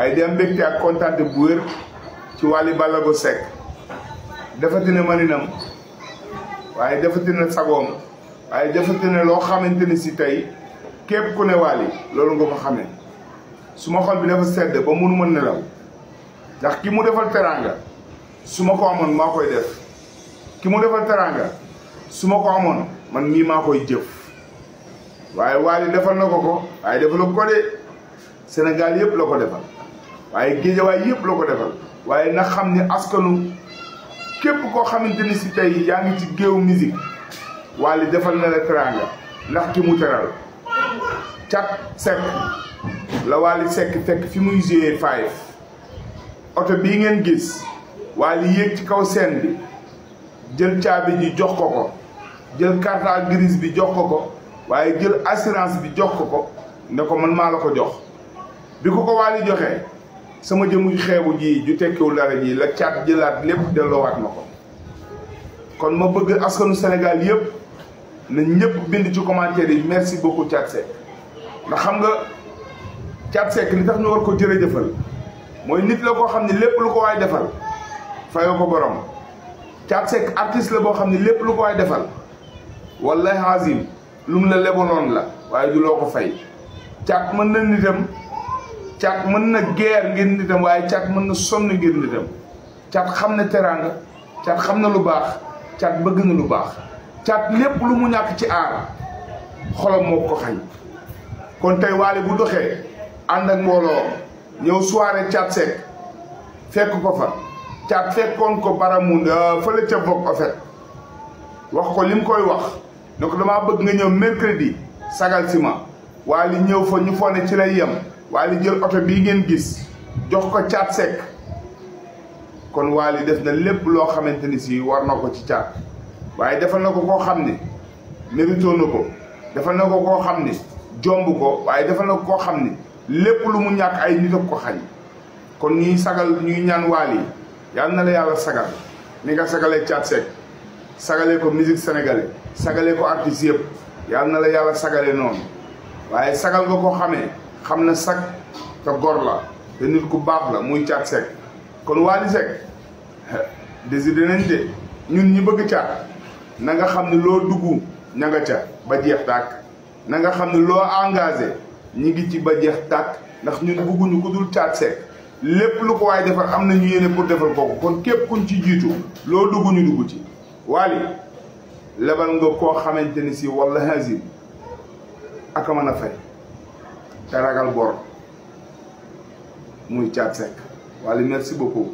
waaye di am mbégte ak kontaante bu wér ci Wally Ballago Seck defatina maninam waaye defatina sagoom waaye defatina loo xamante ni si tay képp ku ne Wally loolu nga ko xamee su ma xol bi dafa sedd ba mënuma nelaw ndax ki mu defal teranga su ma ko amoon maa koy def ki mu defal teranga su ma ko amoon man mii maa koy jëf waaye Wally defal na ko ko waaye defal ko de Sénégal yëpp la ko defal waaye géejawaay yëpp la ko defal waaye na xam ni askanu képp koo xam ni si tey yaa ngi ci géew musique Wally defal na la teranga ndax ki mu teral cat sekk la Wally sekk fekk fi muy jouer five oto bii ngeen gis Wally yéeg ci kaw seen bi jël caabi ji jox ko ko jël carte grise bi jox ko ko waaye jël assurance bi jox ko ko ne ko man maa la ko jox bi ko ko Wally joxe sama jëmu xeebu ji ju tekkiwul dara ji la caat jëlaat lépp delloo waat ma ko kon ma bëgg askanu senegal yëpp nañ ñëpp bind ci commentaire yi merci beaucoup Thiat ndax xam nga Thiat Seck li tax ñu war ko jërëjëfal mooy nit la koo xam ne lépp lu ko waay defal fayoo ko borom Thiat Seck artiste la boo xam ne lépp lu ko waay defal wallahi azim lu mu la lebaloon la waaye du ko fay Thiat mën na nitam cat mën na geer ngir nitam waaye cat mën na sonn ngir nitam cat xam na teraanga cat xam na lu baax cat bëgg na lu baax caat lépp lu mu ñàkk ci aar xolam moo ko xañ kon tey waale bu doxee ànd ak mbooloo ñëw soirée cat sekk fekk ko fa caat fekkoon ko baramu euh, fële ca bokk en fait wax ko li mu koy wax donc dama bëgg nga ñëw mercredi sagal si ma waaye ñëw fa ñu foog ci lay yem waali jël oto bii ngeen gis jox ko caat sekk kon waali def na lépp loo xamante ni si war na ko ci caat waaye defal na ko koo xam ni mérito na ko defal na ko koo xam ni jomb ko waaye defal na ko koo xam ni lépp lu mu ñàkk ay nit ak ko xañ kon ñuy sagal ñuy ñaan waali yàlla na la yàlla sagal ni nga sagalee caat sekk sagalee ko musique sénégalais sagalee ko artistes yëpp yàlla na la yàlla sagalee noonu waaye sagal nga koo xamee xam na sag te gor la te nit ku baax la muy caat Seck kon Wally Seck décidé nañ de ñun ñi bëgg caat na nga xam ne loo dugg ña nga ca ba jeex tàkk na nga xam ne loo engage ñi ngi ci ba jeex tàkk ndax ñun bëgguñu ku dul caat Seck lépp lu ko waaye defar am nañu yenn pour defal kooku kon képp kuñ ci jiitu loo dugg ñu dugg ci Wally lebal nga koo xamante ni si walla hazim ak a mën a fay te ragal bor muy Thiat Seck wala merci